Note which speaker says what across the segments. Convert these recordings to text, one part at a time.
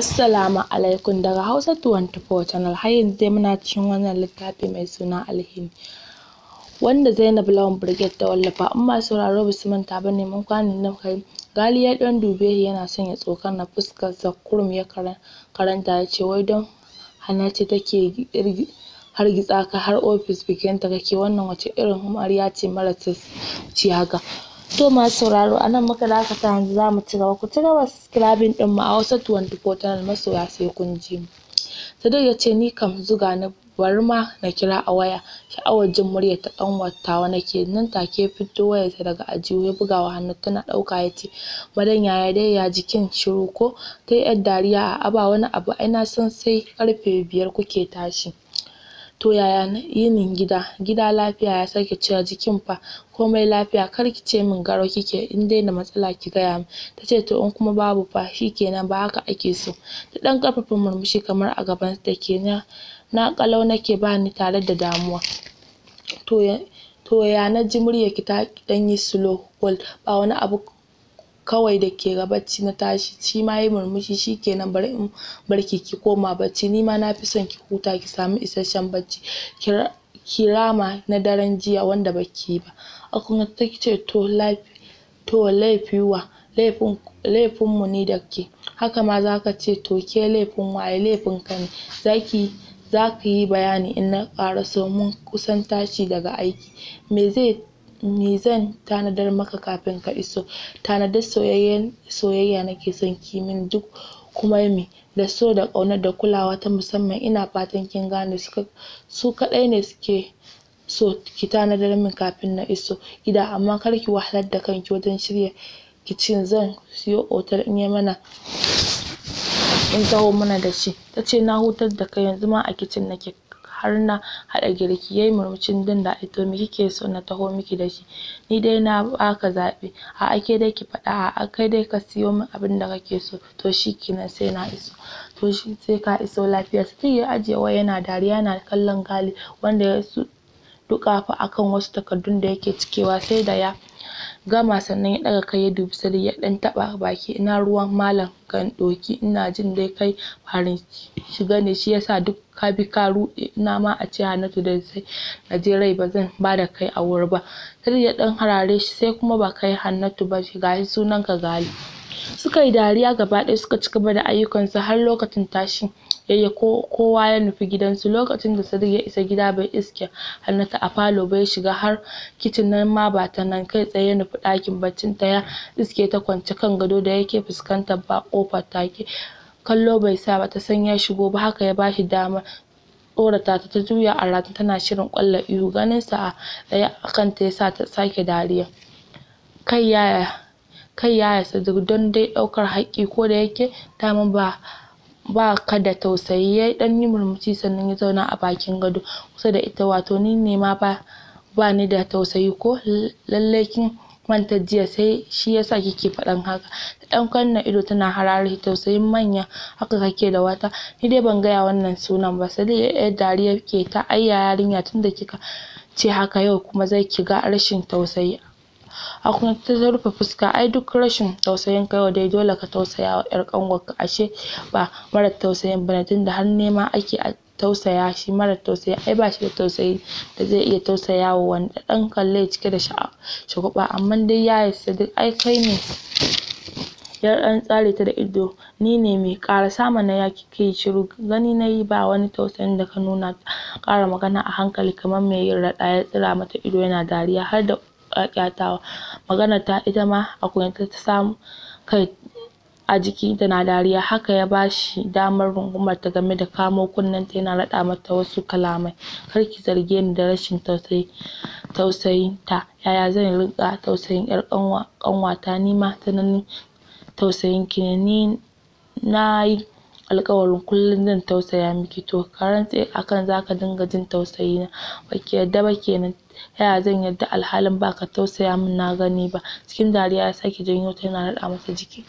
Speaker 1: Assalamu alaikum daga Hausa 24 channel har yanzu dai muna cikin wannan littafi mai suna Alhini wanda Zainab Lawan Brigade ta wallafa in masu sauraro ba su manta ba ne mun kwana nan kai Gali ya dan dube yana son ya na fuskar sa kurum ya karanta ya ce wai don hana ce take hargitsa ka har ofis bikin bikinta kake wannan wace irin amarya ce mara ci haka To masu sauraro a nan muka dakata yanzu za mu ci gaba ku ci gaba subscribing ɗin mu a Hausa 24 channel masoya sai kun ji mu. Sadiq ya ce ni kam zuga na bari ma na kira a waya sha'awar jin murya ta na ke nan take waya ta daga ajihu ya buga wa hannu tana ɗauka ya ce madan yaya dai ya jikin shiru ko? Ta yi ‘yar dariya a ba wani abu ai na san sai karfe biyar kuke tashi. To yaya yinin gida? Gida lafiya ya sake cewa jikin fa komai lafiya kar ki ce min garau kike in dai da matsala ki gaya min. Ta ce to in kuma babu fa shi kenan ba haka ake so. Ta ɗan ƙarfafa murmushi kamar a gaban ta kenan na ƙalau nake ba ni tare da damuwa. To ya to ya na ji muryarki ta ɗan yi slow hold ba wani abu kawai da ke ga bacci na tashi shi ma murmushi shi bari in barki ki koma bacci ni ma na fi son ki huta ki samu isasshen bacci kirama na daren jiya wanda baki yi ba Akungwat ta ce to laifi wa laifin laifinmu ne da ke haka ma za ka ce to ke laifin waye laifin ka ne za ki ka yi bayani in na ƙara mun kusan tashi daga aiki me zai me zan tanadar maka kafin ka iso tanadar soyayyen soyayya nake son ki min duk kuma me da so da ƙaunar da kulawa ta musamman ina fatan kin gane suka su kaɗai ne suke so ki tanadar min kafin na iso gida amma kar ki wahalar da kanki wajen shirya kicin zan siyo otal in yi mana in taho mana da shi ta ce na hutar da kai yanzu ma a kicin nake har na haɗa girki. Yayi murmushin jin daɗi. To me kike so na taho miki da shi? Ni dai na baka zaɓi. A'a ke dai ki faɗa a'a kai dai ka siyo min abin da kake so. To shikenan sai na iso. To shi sai ka iso lafiya. sai ya ajiye yana dariya yana kallon Gali wanda ya duƙafa akan wasu takardun da yake cikewa sai da ya gama sannan ya ɗaga kai ya dubi Sadiq ya ɗan taɓa baki ina ruwan malam gandoki ina jin dai kai farin shiga ne shi yasa duk ka bi ka ruɗe ina ma a ce Hannatu da sai na rai ba zan bada kai a wuri ba. sai ya ɗan harare shi sai kuma ba kai Hannatu ba shi gashi sunanka Gali. suka yi dariya gaba ɗaya suka ci gaba da ayyukansu har lokacin tashi yayi kowa ya nufi gidansu lokacin da Sadiq ya isa gida bai iske ta a falo ba ya shiga har kicin nan ma ba ta nan kai tsaye ya nufi ɗakin baccin ta ya iske ta kwance kan gado da yake fuskantar ba ƙofar take kallo bai sa ba ta san ya shigo ba haka ya bashi damar tsorata ta ta juya a rata tana shirin ƙwallon ihu ganin sa a tsaye a kanta ya sa ta sake dariya kai yaya kai ya yasa duk don dai ɗaukar haƙƙi ko da yake daman ba ba ka da tausayi ya ɗan yi murmushi sannan ya zauna a bakin gado kusa da ita wato ni ne ma ba ba ni da tausayi ko lallai kin manta jiya sai shi yasa kike faɗan haka ta ɗan kanna ido tana harare tausayin manya haka kake da wata ni dai ban gaya wannan sunan ba dai ya dariya ke ta ai yarinya tunda kika ce haka yau kuma zai ki ga rashin tausayi a kuma ta rufe fuska ai duk rashin tausayin kaiwa dai dole ka tausaya wa yar ƙanwarka ashe ba mara tausayin bane tunda har nema ake a tausaya shi mara tausayi ai ba shi da tausayi da zai iya tausaya wa wani da ɗan kalle cike da shagwaɓa amma dai ya yaya duk ai kai ne ya ɗan tsare ta da ido ni ne me ƙarasa na ya kike yi shiru gani na yi ba wani tausayin da ka nuna ƙara magana a hankali kamar mai yin raɗa ya tsira mata ido yana dariya har da ƙyaƙyatawa maganar ta ita ma a kunyata ta samu kai a jiki tana dariya haka ya bashi damar rungumar ta game da kamo kunnenta yana raɗa mata wasu kalamai kar ki zarge ni da rashin tausayi tausayin ta yaya zan riƙa tausayin ƴar ƙanwa ƙanwata ni ma tsananin tausayin ki ne ni nayi alƙawarin kullum zan tausaya miki to ka rantse akan zaka dinga jin tausayi na ki yarda ba kenan yaya zan yarda alhalin ba ka tausaya min na gani ba cikin dariya ya sake janyo ta yana raɗa mata jiki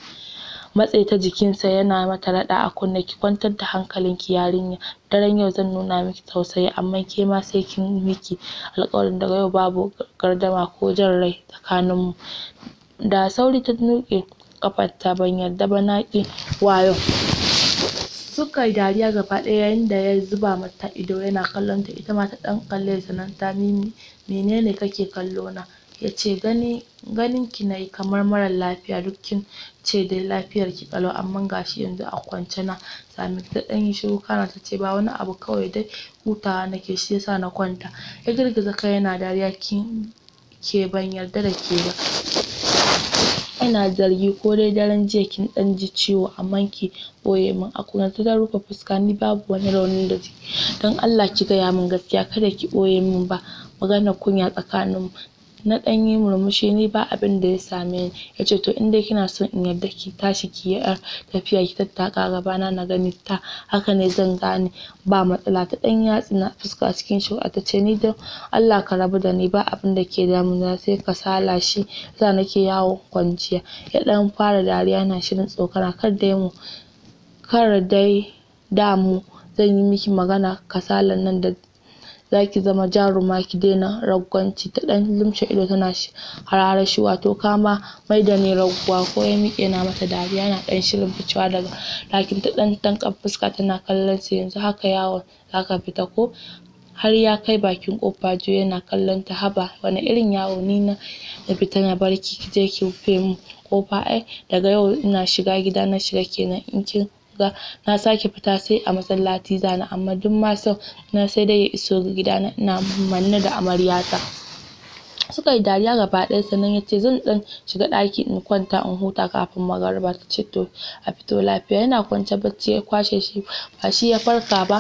Speaker 1: matse ta jikin sa yana mata raɗa a kunne ki kwantar da hankalinki yarinya daren yau zan nuna miki tausayi amma ke ma sai kin miki alƙawarin daga yau babu gardama ko jan rai tsakaninmu da sauri ta nuke kafarta ban yarda ba na ƙi wayo. suka dariya gaba ɗaya yayin da ya zuba mata ido yana kallon ta ita ma ta ɗan kalle sannan ta mimi menene kake kallo na ya ce gani ganin ki nayi kamar mara lafiya duk kin ce dai lafiyar ki ƙalau amma gashi yanzu a kwance na sami ta ɗan yi shiru kana ta ce ba wani abu kawai dai hutawa nake shi yasa na kwanta ya girgiza kai yana dariya kin ke ban yarda da ke ba Ina zargi ko dai daren jiya kin ɗan ji ciwo amma ki ɓoye min. A kurance ta rufe fuska ni babu wani raunin da don Allah ki gaya min gaskiya kada ki ɓoye min ba maganar kunya tsakaninmu. na ɗan yi murmushi ni ba abin da ya same ni yace to in dai kina so in yarda ki tashi ki yi ƴar tafiya ki tattaka gabana na gani ta haka ne zan gane ba matsala ta ɗan na fuska cikin ta ce ni dan Allah ka rabu da ni ba abin da ke damuna sai kasala shi yasa nake yawon kwanciya ya ɗan fara dariya yana shirin tsokana kar dai mu kar dai damu zan yi miki magana kasalan nan da zaki zama jaruma ki daina ragwanci ta ɗan lumshe ido tana hararar shi wato kama mai da ni raguwa ko ya miƙe na mata dariya na ɗan shirin ficewa daga rakin ta ɗan tanƙam fuska tana kallon sa yanzu haka yawon zaka fita ko har ya kai bakin kofa jo yana kallon ta haba wani irin yawo ni na fita na barki ki je ki rufe min kofa ai daga yau ina shiga gida na shiga kenan in kin ga na sake fita sai a masallaci zana amma duk ma sau na sai dai ya iso gidana ina manne da amaryata. Suka yi dariya gaba ɗaya sannan ya ce zan ɗan shiga ɗaki in kwanta in huta kafin magariba ta ce to a fito lafiya yana kwance bacci ya kwashe shi ba shi ya farka ba.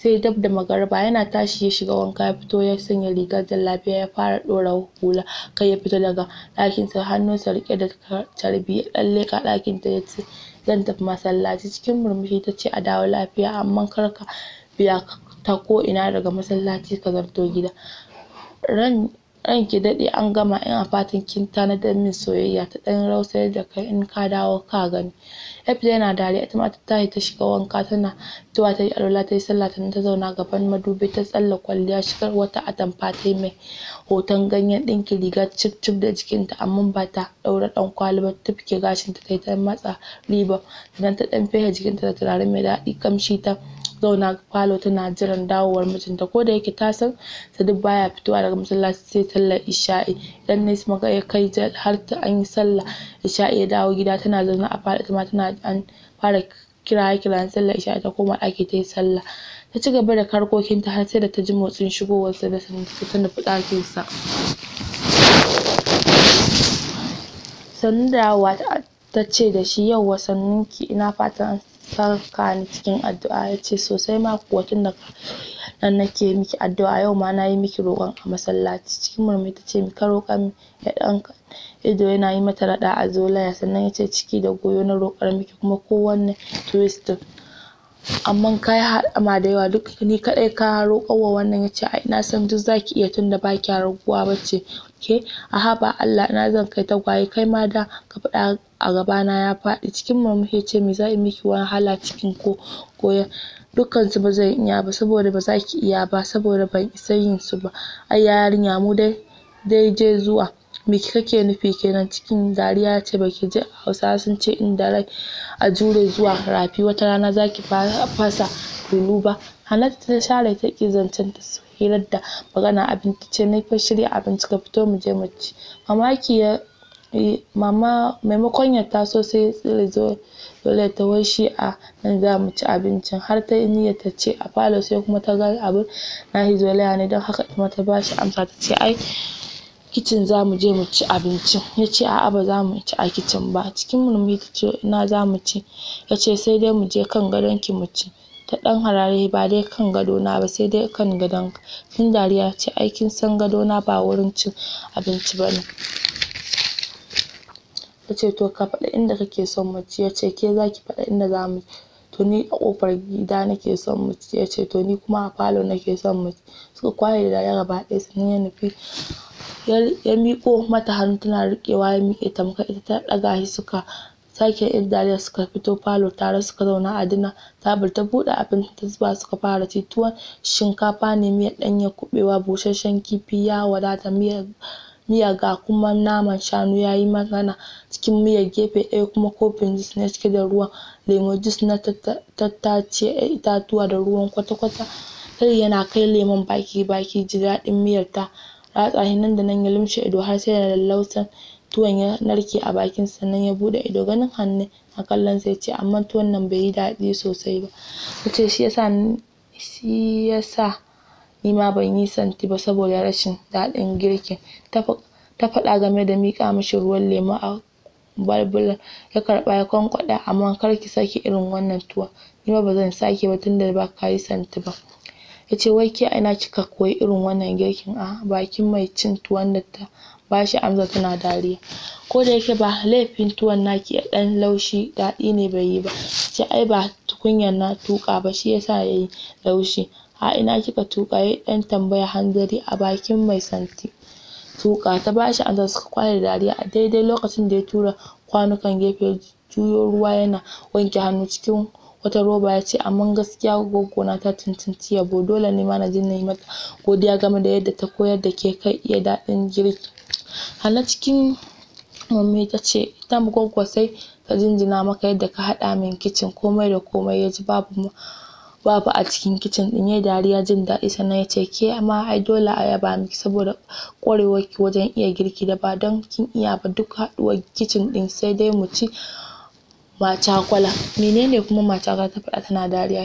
Speaker 1: sai dab da magariba yana tashi ya shiga wanka ya fito ya sanya rigar lafiya ya fara ɗora hula kai ya fita daga hannun hannunsa riƙe da carbi ya ɗan leƙa ɗakinta ya ce zan tafi masallaci cikin murmushi ta ce a dawo lafiya amma kar ka biya ta ko ina daga masallaci ka zarto gida ran ranki daɗe an gama ina fatan kin tanadar min soyayya ta ɗan rausayar da kai in ka dawo ka gani Yafiya yana dariya ita ma ta tashi ta shiga wanka tana fitowa ta yi alwala ta yi sallah sannan ta zauna gaban madubi ta tsalla kwalliya shigar wata atamfa ta mai hoton ganyen ɗinki riga cif cif da jikinta amma ba ta ɗaura ɗan kwali ba ta gashinta ta yi ta matsa ribon sannan ta ɗan fehe jikinta da turare mai daɗi kamshi ta zauna falo tana jiran dawowar mijinta ko da yake ta san duk baya fitowa daga masallaci sai sallar isha'i idan su maka ya kai har an yi sallah isha'i ya dawo gida tana zaune a falo tana tana an fara kira kirayen sallar isha'i ta koma ɗaki yi sallah ta ci gaba da ta har sai da ta ji motsin shigowarsa da sannan ta nufi sa. sannu da ta ce da shi wasannin ki ina fatan an saka ni cikin addu'a ya ce sosai ma kuwa tun da nan nake miki addu'a yau ma na yi miki roƙon a masallaci cikin murmushi ta ce ka ya ɗanka ido yana yi mata raɗa a zolaya sannan ya ce ciki da goyo na roƙar miki kuma kowanne twist amma ka yi haɗama da yawa duk ni kaɗai ka roƙar wa wannan ya ce ai na san duk za ki iya tun da ba kya raguwa ba ce ke a haba Allah na zan kai tagwaye kai ma da ka faɗa a gabana ya faɗi cikin ya ce me zai miki wahala cikin ko dukansu dukkan su ba zai iya ba saboda ba za ki iya ba saboda ban isa yin su ba ai yarinya mu dai dai je zuwa me kake nufi kenan cikin dariya ce baki je hausa sun ce inda rai a jure zuwa rafi wata rana zaki fasa tulu ba Hannatu ta share ta zancen ta hirar da magana abinci ta ce na shirya abinci ka fito mu je mu ci. Mamaki ya mama maimakon ya taso sai ya zo dole ta wai shi a nan za mu ci abincin har ta yi niyyar ta ce a falo sai kuma ta ga abin nahi zolaya ne don haka kuma ta ba shi amsa ta ce ai kicin za mu je mu ci abincin ya ce a'a ba za mu ci a kicin ba cikin murmushi ta ce ina za mu ci ya ce sai dai mu je kan gadon ki mu ci. ta ɗan harare ba dai kan na ba sai dai kan gadon tun dariya ce ai kin san na ba wurin cin abinci ba ne. Ta ce to ka faɗi inda kake son mu ci. Ya ce ke zaki faɗa inda zamu ci. To ni a ƙofar gida nake son mu ci. Ya ce to ni kuma a falo nake son mu ci. Suka kwashe da dariya gaba ɗaya sannan ya nufi ya miƙo mata hannu tana riƙewa ya miƙe tamkar ita ta ɗaga shi suka sake 'yar Dariya suka fito falo tare suka zauna a dina ta bude abinci ta zuba suka fara ci. shinkafa ne, miyar danya kubewa busasshen kifi ya wadata, miya ga kuma naman shanu ya yi magana cikin miyar gefe ɗaya kuma kofin jus ne cike da ruwan lemo, jus na tattacen itatuwa da ruwan kwata-kwata. Kai yana kai lemon baki baki ji daɗin miyar ta ratsa shi nan da nan ya lumshe ido har sai da lallausan tuwon ya narke a bakin sannan ya buɗe ido ganin hannu a kallon sa yace amma tuwon nan bai yi daɗi sosai ba yace shi yasa shi yasa ni ma ban yi santi ba saboda rashin daɗin girkin ta faɗa game da miƙa mishi ruwan lemu a balbula ya karba ya kwankwaɗa amma kar ki sake irin wannan tuwon ni ma bazan sake ba tunda ba ka yi santi ba yace wai ke a ina kika koyi irin wannan girkin a bakin mai cin tuwon da ta bashi amsa tana dariya ko koda yake ba laifin tuwon naki ɗan laushi daɗi ne bai yi ba tace ai ba tukunyar na tuƙa ba shi yasa yayi laushi a ina kika tuka yayi ɗan tambaya hanzari a bakin mai santi tuƙa ta bashi amsa suka kware dariya a daidai lokacin da ya tura kwanukan gefe juyo ruwa yana wanke hannu cikin wata roba ya ce amma gaskiya goggo na ta cancanci yabo dole ne ma na je mata godiya game da yadda ta koyar da ke kai iya daɗin girki hana cikin mummy ta ce ita goggo sai ta jinjina maka yadda ka haɗa min kicin komai da komai ya ji babu babu a cikin kicin ɗin yayi dariya jin daɗi sannan ce ke ma ai dole a yaba miki saboda ƙwarewarki wajen iya girki da ba don kin iya ba duk haɗuwar kicin ɗin sai dai mu ci mata kwala menene kuma macakwala ta faɗa tana dariya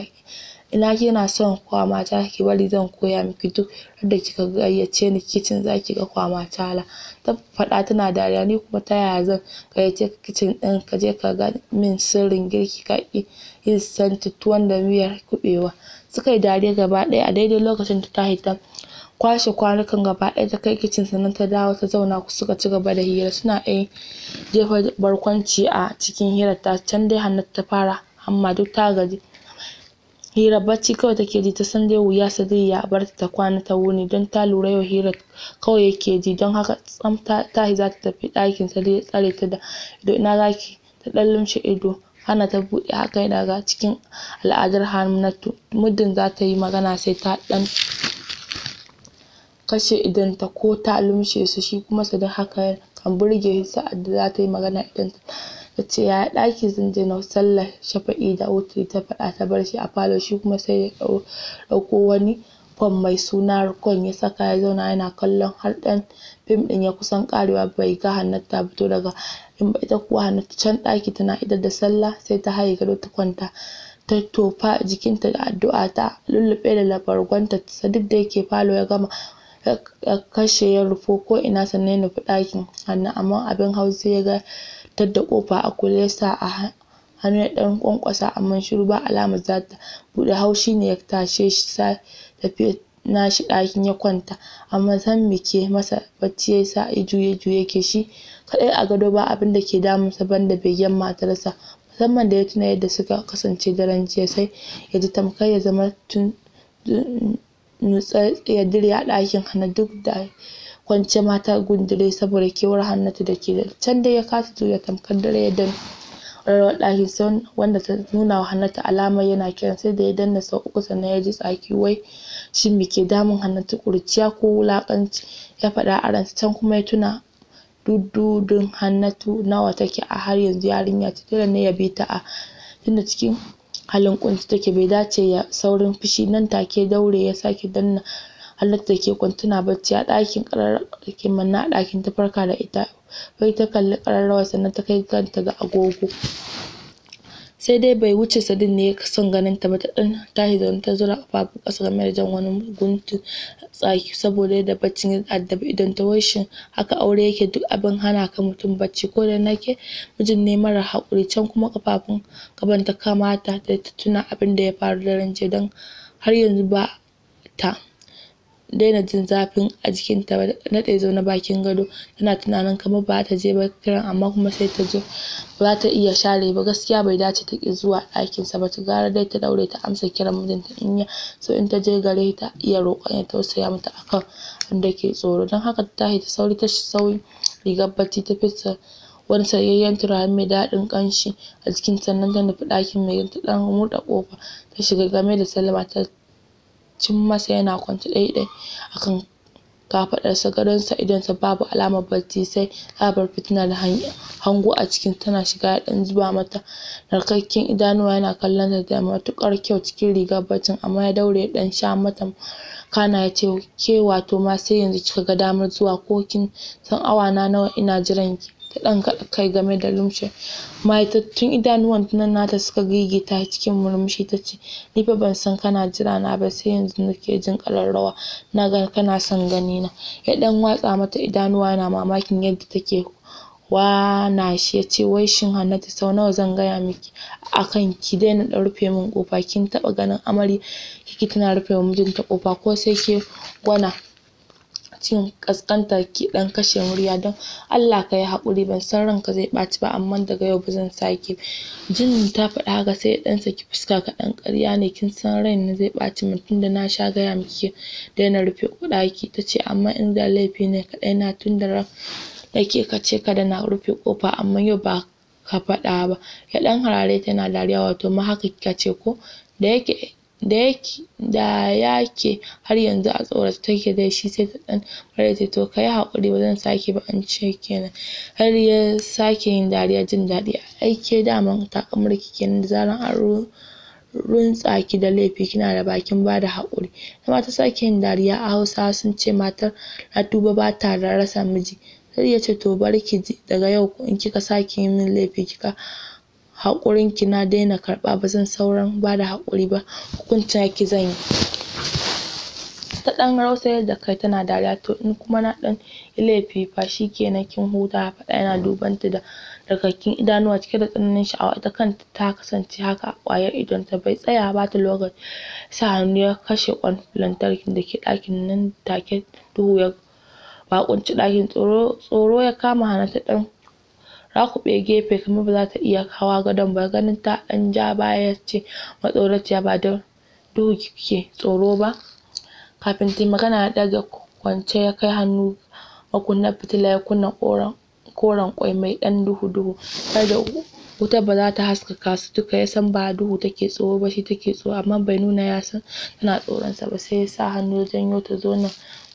Speaker 1: ina kina son mata ki bari zan koya miki duk yadda kika gayyace ni kicin zaki ga mata la ta faɗa tana dariya ni kuma ta yaya zan gayyace ki kicin ɗin kaje ka ga min sirrin girki ka ƙi yin santi tuwon da miyar kuɓewa sukayi dariya gaba ɗaya a daidai lokacin da ta fita kwashe kwanukan gaba ɗaya ta kai kicin sannan ta dawo ta zauna suka gaba da hira suna ɗan jefa barkwanci a cikin hirar ta can dai Hannatu ta fara amma duk ta gaji hira bacci kawai take ji ta san dai wuya Sadiq ya barta ta kwana ta wuni don ta lura yau hira kawai yake ji don haka tsam ta tashi za ta tafi ɗakin Sadiq tsare ta da ido ina za ki ta ɗan lumshe ido hana ta buɗe haka yana daga cikin al'adar Hannatu muddin za ta yi magana sai ta ɗan kashe ta ko ta lumshe su shi kuma su haka kan burge shi sa'ad da za ta yi magana idan ta ce ya ɗaki zan je na sallah shafa'i da wutri ta faɗa ta bar shi a falo shi kuma sai ya ɗauko wani fom mai suna rikon ya saka ya zauna yana kallon har ɗan fim ɗin ya kusan ƙarewa bai ga Hannatu ta fito daga in ba ita kuwa ta can ɗaki tana idar da sallah sai ta haye gado ta kwanta ta tofa jikinta da addu'a ta lulluɓe da ta duk da yake falo ya gama ya kashe ya rufo ko ina sannan ya nufi ɗakin hannu amma abin hau sai ya ga tadda ƙofa a kulle sa a hannu ya ɗan ƙwanƙwasa amma shiru ba alamar za ta buɗe haushi ne ya tashe shi sa na shi ɗakin ya kwanta amma san me ke masa bacci ya sa ya juye juye ke shi kaɗai a gado ba abin da ke damunsa banda begen matarsa musamman da ya tuna yadda suka kasance daren jiya sai ya ji tamkar ya zama tun nutsatsiyar dire a ɗakin Hannah duk da kwance mata gundule saboda kewar Hannatu da ke can dai ya kasa juya tamkar dare ya dan rarrawar ɗakin sai wanda ta nuna wa Hannatu alamar yana kiran sai da ya danna sau uku sannan ya ji tsaki wai shin me ke damun Hannatu ƙurciya ko wulaƙanci ya faɗa a can kuma ya tuna dududun Hannatu nawa take a har yanzu yarinya ce dole ne ya bi ta a tunda cikin halin ƙunci take bai dace ya saurin fushi nan take daure ya sake danna Hannatu da ke kwantuna bacci a ɗakin ƙararrawar take ke a ɗakin ta farka da ita bai ta kalli ƙararrawar sannan ta kai kanta ga agogo. sai dai bai wuce Sadin ne son ganin ta ba ta ɗan tashi zaune ta zura ƙafafun kasa game da jan wani guntun tsaki saboda yadda baccin ya addabi idan ta wai shin haka aure yake duk abin hana ka mutum bacci ko da nake mijin ne mara haƙuri can kuma kafafun gaban ta kamata da ta tuna abin da ya faru daren jiya don har yanzu ba ta daina jin zafin a jikinta ba daɗe zaune bakin gado tana tunanin kamar ba ta je ba kiran amma kuma sai ta zo ba ta iya share ba gaskiya bai dace ta ƙi zuwa ɗakinsa ba ta gara dai ta daure ta amsa kiran mijinta in ya so in ta je gare ta iya roƙon ya tausaya mata akan kan ke tsoro don haka ta tashi ta sauri ta sauyi rigar bacci ta fesa wani sanyayyen turare mai daɗin ƙanshi a jikin sannan ta nufi ɗakin mai ta ɗan murɗe ƙofa ta shiga game da sallama ta cin masa yana kwance ɗaiɗai akan kafaɗarsa gadonsa idonsa babu alamar barci sai labar fitina da hango a cikin tana shiga ya ɗan zuba mata narkakken idanuwa yana kallon kallonta da matuƙar kyau cikin rigar barcin amma ya daure ya ɗan sha mata kana yace ke wato ma sai yanzu kika ga damar zuwa ko kin san awa na nawa ina jiran ki ta ɗan kaɗa kai game da lumshe mayatattun idanuwan nan nata suka gigita cikin murmushi ta ce ni fa ban san kana jira na ba sai yanzu nake jin ƙararrawa naga kana son gani na ya ɗan watsa mata idanuwa na mamakin yadda take wana shi ya ce wai shin Hannatu sau nawa zan gaya miki akan ki daina rufe min ƙofa kin taɓa ganin amarya kiki tana rufe wa mijinta ƙofa ko sai ke gwana cin ƙasƙanta ki ɗan kashe murya don Allah ka yi haƙuri ban san ranka zai ɓaci ba amma daga yau ba zan sake jin ta faɗi haka sai dan saki fuska kaɗan ƙarya ne kin san ne zai ɓaci min tunda na sha gaya miki daina rufe ɗaki ta ce amma in da laifi ne kaɗai na tunda ran nake ka ce kada na rufe kofa amma yau ba ka faɗa ba ya ɗan harare tana dariya wato ma haka kika ce ko da yake da yake da yake har yanzu a tsorace take da shi sai ta ɗan mare to ka yi haƙuri ba zan sake ba an ce kenan har ya sake yin dariya jin daɗi ai ke daman takamar kenan da zaran an runtsa ki da laifi kina da bakin bada haƙuri ita ma ta sake yin dariya a Hausawa sun ce matar na ba ta rasa miji Sai ya ce to barki ki ji daga yau in kika saki yi min laifi kika haƙurin ki na daina karɓa ba zan sauran bada haƙuri ba hukunta ki zan yi. Ta ɗan rausayar da kai tana dariya to in kuma na ɗan yi laifi fa kenan kin huta faɗa yana duban ta da rikakkin idanuwa cike da tsananin sha'awa ita kanta ta kasance haka a ƙwayar idonta bai tsaya ba ta lokaci sa hannu ya kashe ƙwan lantarkin da ke ɗakin nan take duhu ya bakunci ɗakin tsoro tsoro ya kama hana ta ɗan rakuɓe gefe kamar ba za ta iya hawa gadon ba ganin ta ɗan ja baya ce matsoraciya ba da duhu kike tsoro ba kafin ta magana ya ɗaga kwance ya kai hannu makunnar fitila ya kunna koren koren kwai mai ɗan duhu duhu kar da wuta ba za ta haskaka su duka ya san ba duhu take tsoro ba shi take tsoro amma bai nuna ya san tana tsoron sa ba sai ya sa hannu ya janyo ta zo nan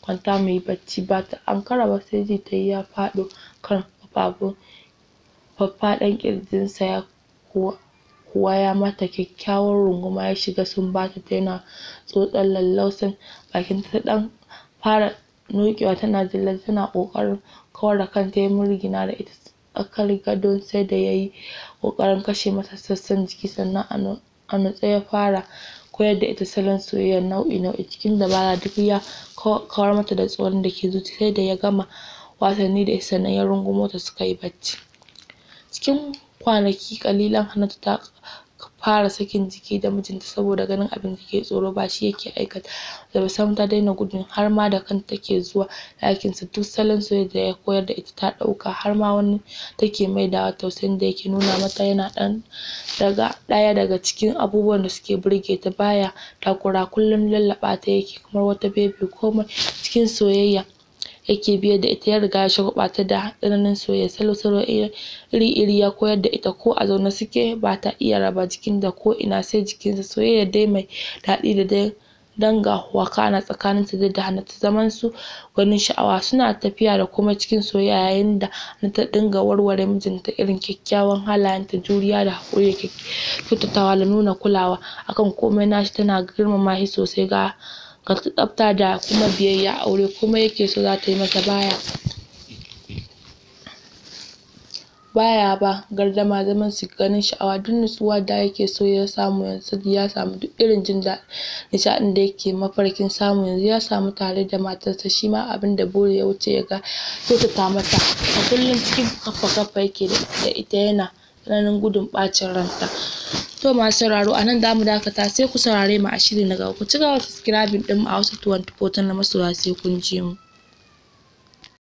Speaker 1: kwanta mu bacci ba ta ankara ba sai ji ta yi ya faɗo kan fafafun faffaɗan ƙirjinsa ya kuwa ya mata kyakkyawar runguma ya shiga bata ta yana tsotsar lallausan bakinta ta ɗan fara noƙewa tana jallale tana ƙoƙarin kawar da kanta ya murgina da ita tsakar gadon sai da ya yi ƙoƙarin kashe mata sassan jiki sannan a nutse ya fara koyar da ita salon soyayya nau'i nau'i cikin dabara duk ya kawar mata da tsoron da ke zuci sai da ya gama wasanni da ita sannan ya rungumo ta suka yi bacci cikin kwanaki kalilan Hannatu ta fara sakin jiki da mijinta saboda ganin abin da tsoro ba shi yake aikata da sam ta daina gudun har ma da kanta take zuwa ɗakinsa duk salon soyayyar da ya koyar da ita ta ɗauka har ma wani take mai maidawa tausayin da yake nuna mata yana ɗan daga ɗaya daga cikin abubuwan da suke burge ta baya takura kullum lallaɓa ta yake kamar wata baby komai cikin soyayya yake biyar da ita ya riga ya shagwaɓa ta da tsananin soyayya salo-salo iri-iri ya koyar da ita ko a zaune suke ba ta iya raba jikin da ko ina sai jikinsa soyayya dai mai daɗi da dai danga na tsakanin Sadiq da ta zaman su gwanin sha'awa suna tafiya da kuma cikin soyayya yayin da na ta dinga warware mijinta irin kyakkyawan halayenta juriya da haƙuri da kyautatawa da nuna kulawa akan komai nashi tana girmama shi sosai ga tsafta da kuma biyayya a aure kuma yake so za ta yi masa baya baya ba gardama zaman su ganin sha'awa duk nutsuwa da yake so ya samu yanzu ya samu duk irin jin nishaɗin da yake mafarkin samu yanzu ya samu tare da matarsa shi ma da buri ya wuce ya ga kyautata mata a kullum cikin kafa kafa yake da ita yana tsananin gudun ɓacin ranta. to masu sauraro a nan damu dakata sai ku saurare mu a shiri na gaba ku ci gaba da subscribing din mu a wasu tuwon ta na masoya sai kun ji mu